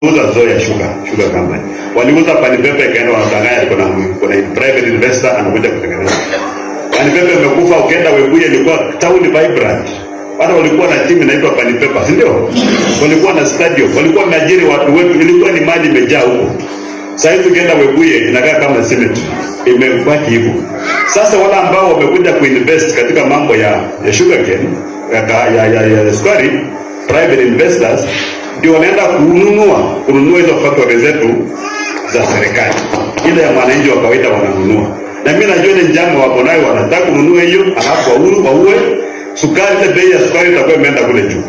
Uza zoe ya sugar, sugar company. Waliuza panipepe ikaenda wanadanganya kuna kuna private investor anakuja kutengeneza. Panipepe imekufa ukienda Webuye ilikuwa town vibrant. Hata walikuwa na timu inaitwa Panipepe, si ndio? Walikuwa na stadium, walikuwa wameajiri watu wetu, ilikuwa ni mali imejaa huko. Sasa hivi ukienda Webuye inakaa kama cement. Imebaki hivyo. Sasa wale ambao wamekuja kuinvest katika mambo ya ya sugarcane ya ya, ya, ya, ya sukari private investors ndio wanaenda kununua kununua hizo factory zetu za serikali, ile ya wananchi wa kawaida wananunua. Na mimi najua ile njama wako nayo, wanataka kununua hiyo, alafu wauru waue sukari. Ile bei ya sukari itakuwa imeenda kule juu,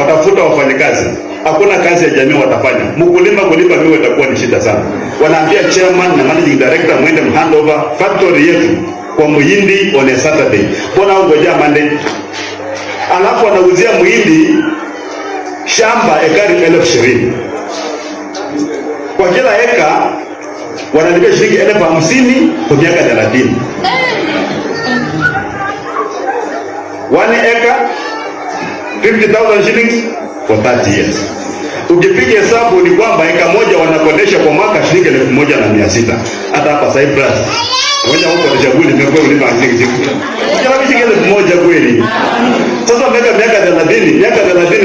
watafuta wafanyakazi, hakuna kazi ya jamii watafanya. Mkulima kulipa mimi itakuwa ni shida sana. Wanaambia chairman na managing director, mwende handover factory yetu kwa muhindi on a Saturday, mbona ungojea Monday? Alafu wanauzia muhindi shamba ekari elfu ishirini kwa kila eka wanalipa shilingi elfu hamsini kwa miaka thelathini one eka 50,000 shillings for 30 years. Ukipiga hesabu ni kwamba eka moja wanakodesha kwa mwaka shilingi elfu moja na mia sita hata hapa Cyprus moja huko tishaguli nimekuwa ulipa shilingi shilingi elfu moja kweli. Sasa miaka miaka 30 miaka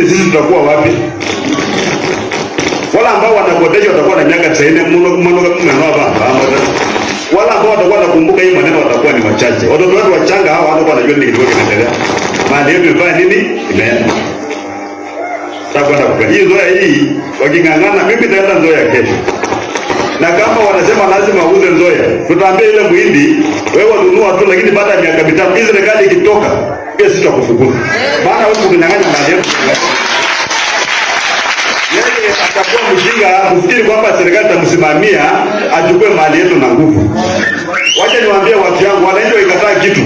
hivi sisi tutakuwa wapi? Wala ambao wanakodesha watakuwa na miaka 90 mno mno ambao watakuwa wanakumbuka hii maneno watakuwa ni wachache. Watoto wetu wachanga hawa watakuwa wanajua nini kilikuwa kinaendelea. Maana yetu ifanye nini? Imeenda. Tutakwenda kwa hii zoea hii waking'ang'ana, mimi nitaenda zoea kesho na kama wanasema lazima uuze Nzoia, tutaambia ile muhindi wewe nunua tu, lakini baada ya miaka mitano hii serikali ikitoka, pia sitakufukuza maana wewe unanyang'anya mali yetu. Yeye atakuwa mjinga kufikiri kwamba serikali itamsimamia achukue mali yetu na nguvu. Wacha niwaambie watu yangu, wananchi waikataa kitu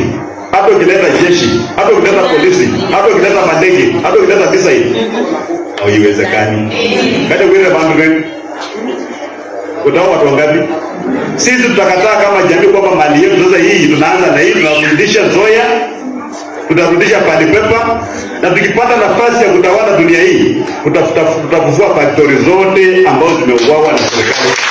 hata ukileta jeshi, hata ukileta polisi, hata ukileta mandege, hata ukileta visa hii haiwezekani. Kaja kuile bandu gani? Utaua watu wangapi? Sisi tutakataa kama jamii kwamba mali yetu sasa hii tunaanza na hii tunarudisha Nzoia, tutarudisha Palipepa na tukipata nafasi ya kutawala dunia hii tutafufua faktori zote ambazo zimeuawa na serikali.